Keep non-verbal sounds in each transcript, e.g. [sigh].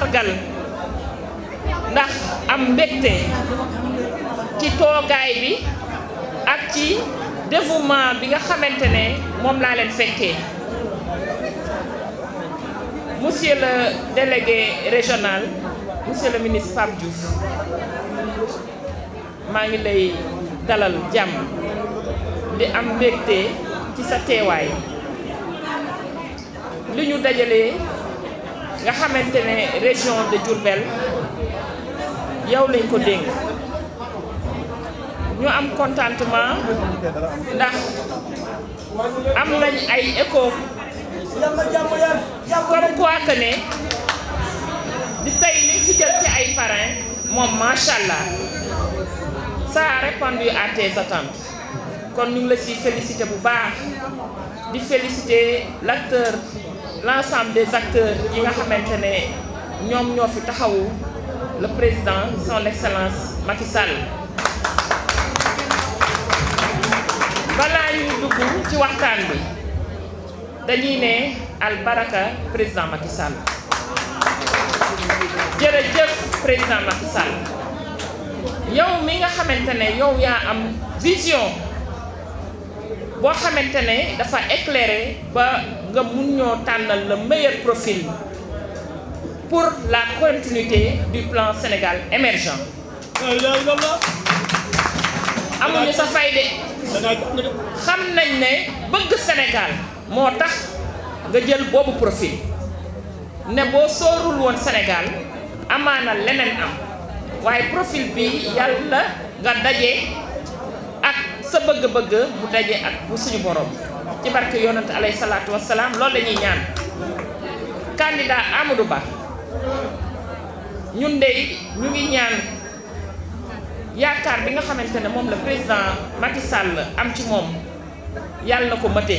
sargal ndax am mbégte ci toogaay bi ak ci dévouement bi nga xamante ne moom laa leen fekkee monsieur le délégué régional monsieur le ministre Pape Diouf maa ngi lay dalal jàmm di am mbégte ci sa teewaay li ñu dajalee nga xamante ne région de Diourbel yow lañ ko dénk ñu am contentement ndax am nañ ay écho comme quoi di tey liñ fi jël ci ay parrain moom macha allah ça a répondu à tes attentes kon ñu ngi la ciy félicité bu baax di félicité l'acteur l'ensemble des acteurs yi nga xamante ne ñoom ñoo fi taxawu le président son excellence Macky Sall. balaa ñuy dugg ci waxtaan bi dañuy ne albaraka président Macky Sall jërëjëf président Macky yow mi nga xamante ne yow yaa am vision boo xamante ne dafa éclairé ba. nga mun ñoo tànnal le meilleur profil pour la continuité du plan Sénégal émergent amuñu sa fay de xam nañ ne bëgg Sénégal moo tax nga jël boobu profil ne boo soorul woon Sénégal amaana leneen am waaye profil bi yàlla nga daje ak sa bëgg-bëgg mu daje ak bu suñu borom ci barke yonent alayhi salaatu wasalaam loolu la ñuy ñaan candidat Amadou Ba ñun de ñu ngi ñaan yaakaar bi nga xamante ne moom la président Macky Sall am ci moom yàlla na ko mëte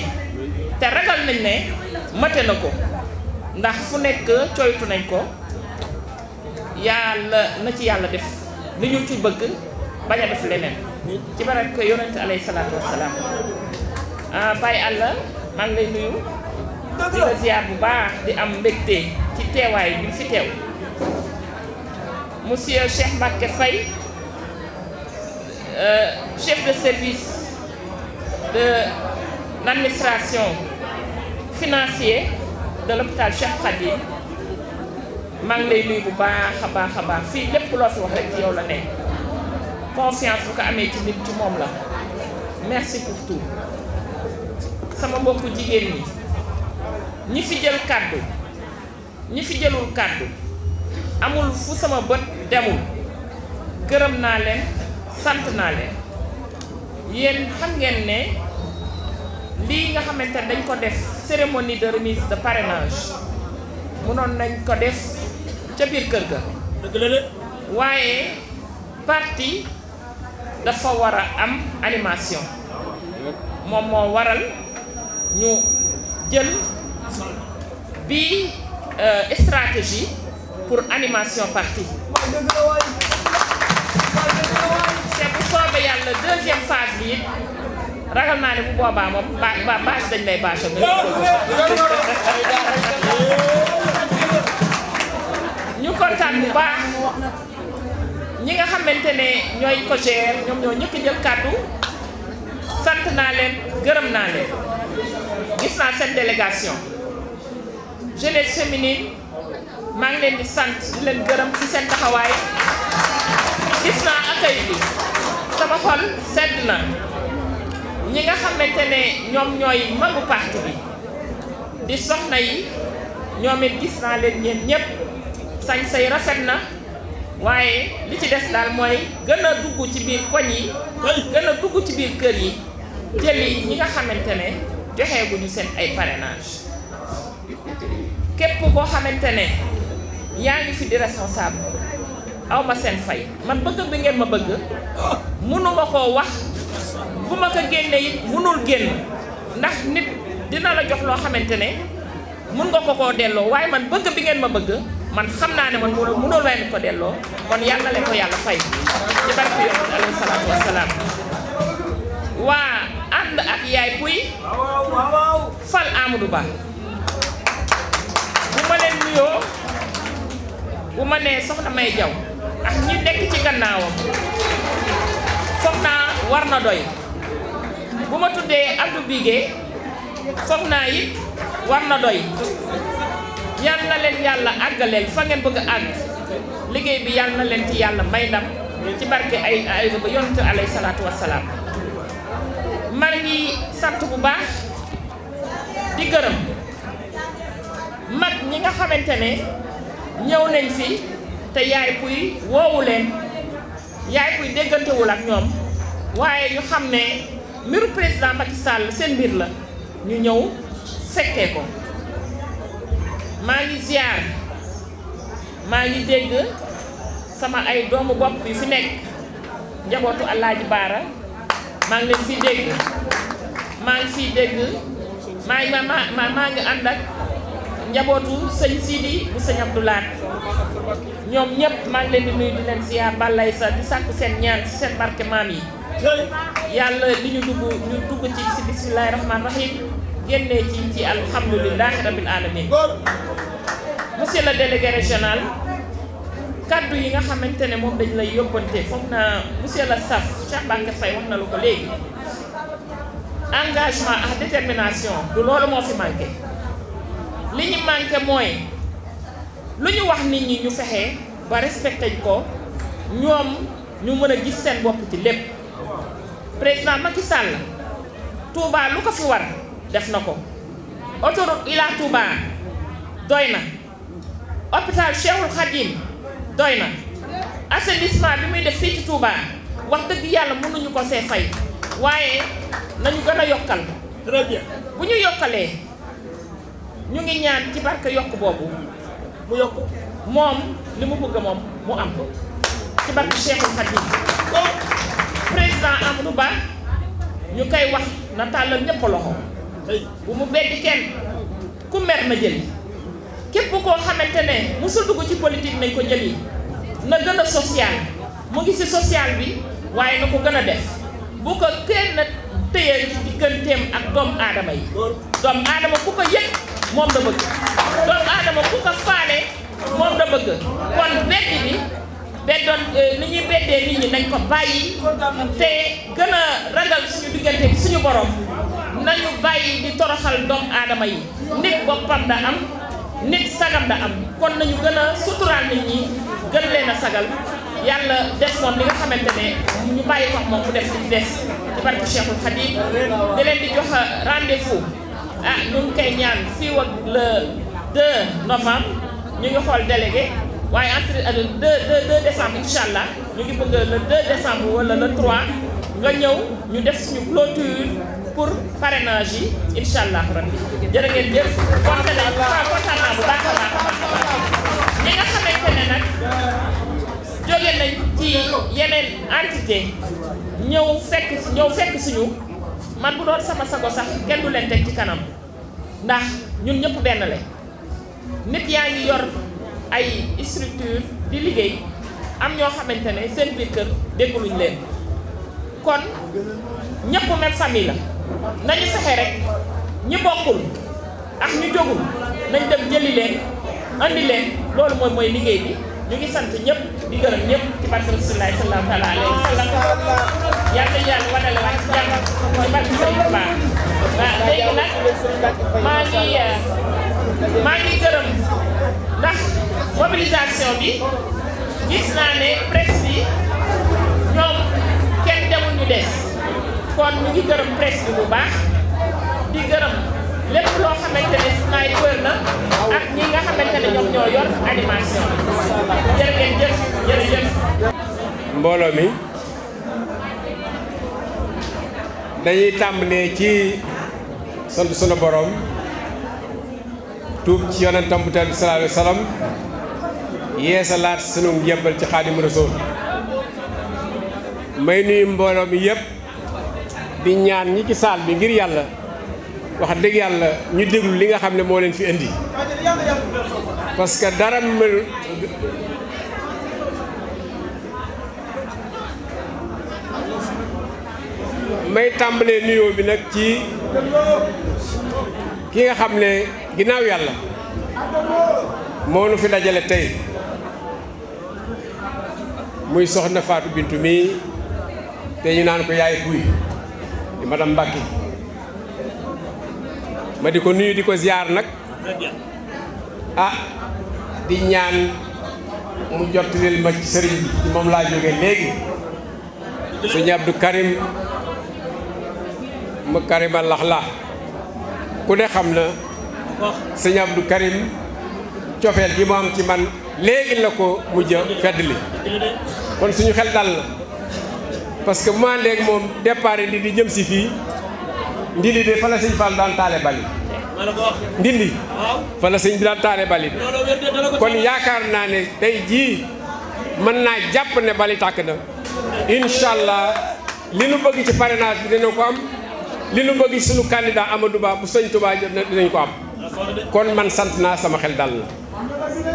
te ragal nañ ne mëte na ko ndax fu nekk coytu nañ ko yàlla na ci yàlla def li ñu ci bëgg bañ a def leneen ci barke yonent alayhi salaatu wasalaam Ah, Baye Alla maa ngi lay nuyu di la bu baax di am mbégte ci teewaay bi fi teew monsieur Cheikh Mbacke Faye euh, chef de service de l'administration financier de l'hôpital Cheikh Khadim maa lay nuyu bu baax a baax a baax fii lépp loo fi wax rek yow la ne confiance bu ko amee ci nit ci moom la merci pour tout sama mbokku jigéen ñi ñi fi jël kàddu ñi fi jëlul kàddu amul fu sama bët demul gërëm naa leen sant naa leen yéen xam ngeen ne lii nga xamante ne dañ ko def cérémonie de remise de parrainage mënoon nañ ko def ca biir kër ga dëgg la de waaye parti dafa war a am animation moom moo waral ñu jël bi euh, stratégie pour animation partie c'est bu yàlla deuxième phase bi it ragal naa ne bu boobaa moom ba bâche dañ lay bâche [laughs] ñu kontaan bu baax ñi nga xamante ne ñooy ko ñoom ñoo ñëkk jël kàddu sant naa leen gërëm naa leen gis naa seen délégation jeunesse féminine maa di sant di leen gërëm ci seen taxawaay gis naa accueil bi sama xol sedd na ñi nga xamante ne ñoom ñooy magu parti bi di soxna yi ñoom gis naa leen ñeen ñëpp sañ say rafet na waaye li ci des daal mooy gën a dugg ci biir koñ yi gën dugg ci biir kër yi jëli ñi nga xamante ne joxeeguñu seen ay parrainage képp koo xamante ne yaa ngi fi di responsable aw ma seen fay man bëgg bi ngeen ma bëgg mënuma koo wax bu ma ko génnee ndax nit dina la jox loo xamante ne mën nga ko koo delloo waaye man bëgg bi ngeen ma bëgg man xam naa ne man mënul mënul ko delloo kon yàlla leen ko yàlla fay ci barke yonent alayhi salaatu wasalaam waa yaay puy fal Amadou Ba bu ma leen nuyoo bu ma nee soxna May Jaw ak ñi nekk ci gannaawam soxna war na doy bu ma tuddee Abdou Bigué naa yi war na doy yal na leen yàlla àggaleel fa ngeen bëgg àgg liggéey bi yal na leen ci yàlla may ndam ci barke ay ay ba yonent alayhi salaatu wassalaam maa ngi sant bu baax di gërëm mag ñi nga xamante ne ñëw nañ fi te yaay kuy woowu leen yaay kuy déggantewul ak ñoom waaye ñu xam ne mbiru président ak Sall seen mbir la ñu ñëw fekkee ko maa ngi ziar maa ngi dégg sama ay doomu bopp yi fi nekk njabootu Alaaji Baara maa ngi leen siy dégg maa ngi siy dégg maa ngi ma maa ngi ànd ak njabootu sëñ Sidi bu sëñ Abdoulaat ñoom ñëpp maa ngi leen di nuyu di leen ziar balay sa di sàkku seen ñaan ci seen barke maam yi yàlla li ñu dugg ñu dugg ci ci bismillahi rahmaani rahim génnee ci ci alhamdulilahi rabil alamin monsieur le délégué régional kaddu yi nga xamante ne moom dañ lay yóbbante foog naa monsieur le saf Cheikh Bakar Faye wax na lu ko léegi engagement ak détermination du loolu moo fi manqué li ñu manqué mooy lu ñu wax nit ñi ñu fexe ba respecté ko ñoom ñu mën a gis seen bopp ci lépp président Macky Sall Touba lu ko fi war def na ko autoroute Ila Touba doy na hôpital Cheikhul Khadim doy na assainissement bi muy def fii ci Touba wax dëgg yàlla mënuñu ko see fay waaye nañu gën a yokkal très bu ñu yokkalee ñu ngi ñaan ci barke yokk boobu mu yokk moom li mu bëgg moom mu am ko ci barke Cheikhul Khadim kon oh. président Amadou Ba ñu koy wax na tàllal ñëpp loxo bu mu beddi kenn ku mer na jëli képp koo xamante ne musul dugg ci politique nañ ko jëli na gën a social mu ngi ci social bi waaye na ko gën a def bu ko kenn téye ci digganteem ak doomu aadama yi doomu aadama ku ko yëg moom la bëgg doomu aadama ku ko faale moom la bëgg kon beddi bi beddoon euh, ni ñuy beddee nit ñi nañ ko bàyyi te gën a ragal suñu diggante bi suñu borom nañu bàyyi di toroxal doomu aadama yi nit boppam da am nit sagam da am kon nañu gën a suturaal nit ñi gën leen a sagal yàlla des moom li nga xamante ne ñu bàyyi ko moom mu def ci des ci barke Cheikhul Khadim di leen di jox rendez-vous ah ñu ngi ñaan fii ak de 2 novembre ñu ngi xool délégué waaye entre de 2 2 décembre incha allah ñu ngi bëgg le 2 décembre wala le 3 nga ñëw ñu def suñu clôture pour parrainage yi incha allah rabbi jërë ngeen jëf kontaan naa bu baax a baax a baax li nga xamante ne nag. jóge nañ ci yeneen entité ñëw fekk ñëw fekk suñu man bu doon sama sago sax kenn du leen teg ci kanam ndax ñun ñëpp benn la nit yaa ngi yor ay structure di liggéey am ñoo xamante ne seen biir kër dégguluñ leen kon ñëpp même famille la nañu fexe rek ñi bokkul ak ñu jógul nañ dem jëli leen loolu mooy mooy liggéey bi ñu ngi sant ñëpp di gërëm ñëpp ci barke Rasulullah sallallahu taala alayhi wa sallam yàlla yàlla wadale wax ci jàmm ci barke Sëriñ Ba waaw léegi nag maa ngi eh, maa ngi gërëm ndax mobilisation bi gis naa ne presse bi ñoom kenn demul ñu des kon ñu ngi gërëm presse bi bu baax di gërëm. lépp loo xamante ne SMILE wër na ak ñi nga xamante ne ñoom ñoo yor animation mbooloo mi dañuy tàmbalee ci sant sunu boroom tuub ci yonentam bu tedd sallallahu alayhi wa sallam yeesalaat sunu njëbbal ci xaadimu rasul may nuyu mbooloo mi yëpp di ñaan ñi ci saal bi ngir yàlla wax dëgg yàlla ñu déglu li nga xam ne moo leen fi indi parce que dara mel may tàmbalee nuyoo bi nag ci ki nga xam ne ginnaaw yàlla moo nu fi dajale tey muy soxna Fatou Bintou mi te ñu naan ko yaay buy di madame Mbacke ma di ko nuyu di ko ziar nag a ah, di ñaan mu jottalil ma sëriñ moom laa jóge léegi sëñ Abdou Karim mu Karima lax la ku ne xam na sëñ Abdou Karim cofeel gi mu am ci man léegi la ko mujj a fedd li kon suñu xel dal na parce que bu ma àndeek moom départ di di jëm si fii ndindi de fa la sëñ Fall daan taale bali ndindi fa bi daan taale bali kon yaakaar naa ne tey jii mën naa jàpp ne bali tàkk na incha allah li nu bëgg ci parrainage bi dina ko am li nu bëgg suñu candidat Amadou Ba bu sëñ Touba jot na dinañ ko am kon man sant naa sama xel dal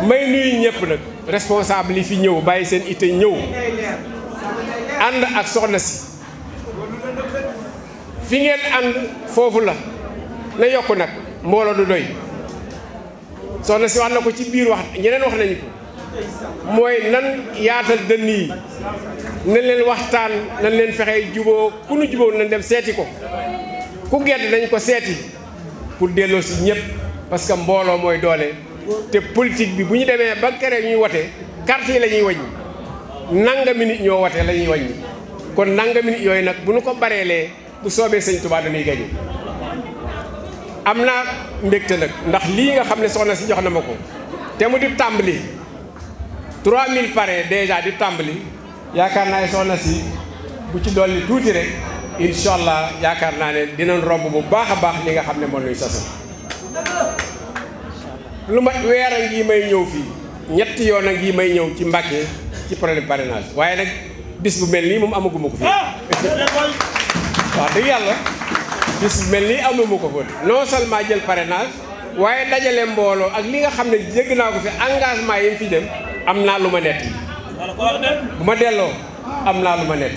may nuyu ñëpp nag responsable yi fi ñëw bàyyi seen ite ñëw ànd ak soxna si fi ngeen ànd foofu la na yokk nag mbooloo du doy soxna si na ko ci biir wax ñeneen wax nañu ko mooy nan yaatal dënn yi nañ leen waxtaan nañ leen fexe juboo ku nu juboo nañ dem seeti ko ku gedd dañ ko seeti pour delloo si ñëpp parce que mbooloo mooy doole te politique bi bu ñu demee ba kere ñu wote carte yi la ñuy wàññi nangami nit ñoo wote la ñuy wàññi kon nangami nit yooyu nag bu nu ko bareelee bu soobee sëñ Touba dañuy gañe am na mbégte nag ndax lii nga xam ne soxna si jox na ma ko te mu di tàmbali 3000 parrain déjà di tàmbali yaakaar naa ne soxna si bu ci dolli tuuti rek incha allah yaakaar naa ne dinañ romb bu baax baax li nga xam ne moom la ñu sasal lu mat weer a ngi may ñëw fii ñetti yoon a ngi may ñëw ci Mbàkke ci problème parrainage waaye nag bis bu mel nii moom amaguma ko fii. Ah! wax dëgg yàlla bis mel ni amuma ko woon non seulement jël parrainage waaye dajale mbooloo ak li nga xam ne jégg naa ko fi engagement yi fi dem am naa lu ma nett bu ma delloo am naa lu ma nett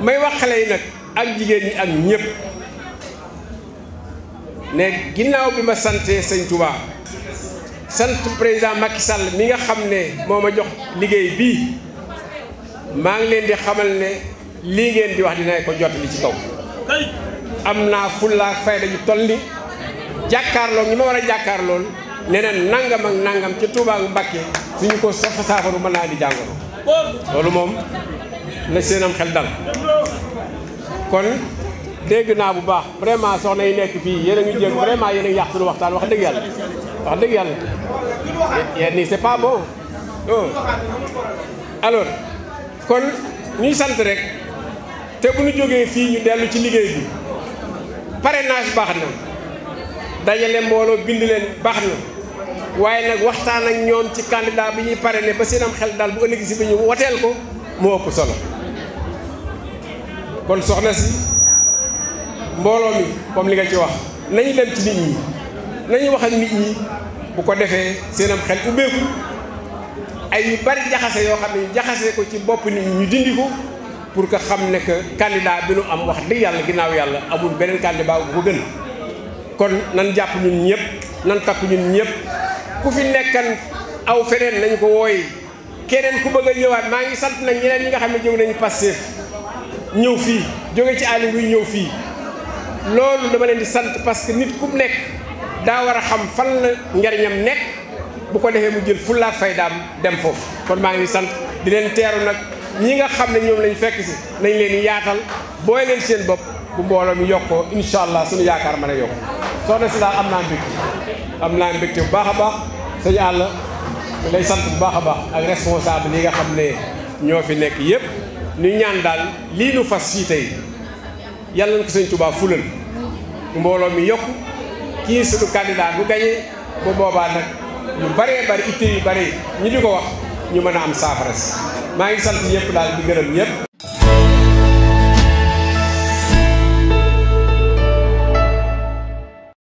may wax xale yi nag ak jigéen ñi ak ñëpp ne ginnaaw bi ma santee sëñ Touba sant président Macky Sall mi nga xam ne moo ma jox liggéey bii maa ngi leen di xamal ne lii ngeen di wax dinañ ko jot li ci kaw am naa fulla fayda yu toll ni jàkkaarloo ñi ma war a jàkkaarlool ne leen nangam ak nangam ci Touba ak Mbacké suñu ko safa saafaru mën naa di jàngoro loolu moom na seenam xel dal kon dégg naa bu baax vraiment soxna yi nekk fii yéen a ngi jéem vraiment yéen a waxtaan wax dëgg yàlla wax dëgg yàlla yéen nii c'est pas bon oh. kon ñuy sant rek te bu ñu jógee fii ñu dellu ci liggéey bi pare parrainage baax na dajale mbooloo bind leen baax na waaye nag waxtaan ak ñoom ci candidat bi ñuy pare ne ba seen am xel daal bu ëllëg si bi ñu woteel ko moo ëpp solo kon soxna si mbooloo mi comme li nga ci wax nañu dem ci nit ñi nañu wax ak nit ñi bu ko defee seen am xel ubbeeku ay yu bari jaxase yoo xam ne jaxase ko ci bopp nit ñi ñu dindi ko. pour que xam ne que candidat bi nu am wax dëgg yàlla ginnaaw yàlla amul beneen candidat bu ko gën kon nan jàpp ñun ñëpp nan takk ñun ñëpp ku fi nekkan aw feneen nañ ko wooy keneen ku bëgg a ñëwaat maa ngi sant nag ñeneen ñi nga xam ne jóge nañu Pastef ñëw fii jóge ci àll nguy ñëw fii loolu dama leen di sant parce que nit ku nekk daa war a xam fan la njariñam nekk bu ko defee mu jël fulla fay faydaam dem foofu kon maa ngi sant di leen teeru nag ñi nga xam ne ñoom lañ fekk si nañ leen yaatal booy leen seen bopp bu mbooloo mi yokkoo incha allah suñu yaakaar mën a yokk soxna si daal am naa mbégte am naa mbégte bu baax a baax sëñ àlla lay sant bu baax a baax ak responsable yi nga xam ne ñoo fi nekk yëpp ñu ñaan daal lii nu fas sii tey yàlla na ko sëñ Tuubaa fulal mbooloo mi yokk kii suñu candidat bu gañee bu boobaa nag ñu baree bari itte yu bare ñu di ko wax ñu mën a am saafara maa ngi sant ñëpp daal di gërëm ñëpp